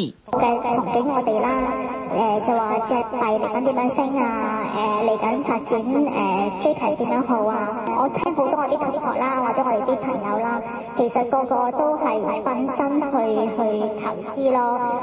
.計計同景我哋啦，誒，就話隻幣嚟緊點樣升啊，誒，嚟緊發展誒 J K 點樣好啊，我聽好多我啲同學啦，或者我哋啲朋友啦，其實個個都係本身去去投資咯。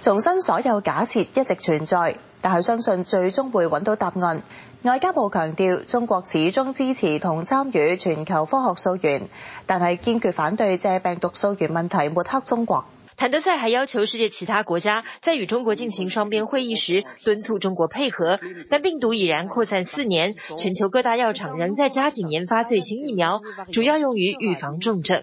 重申所有假設一直存在，但係相信最終會揾到答案。外交部強調，中國始終支持同參與全球科學溯源，但係堅決反對借病毒溯源問題抹黑中國。譚德塞還要求世界其他國家在與中國進行雙邊會議時敦促中國配合，但病毒已然擴散四年，全球各大藥廠仍在加緊研發最新疫苗，主要用於預防重症。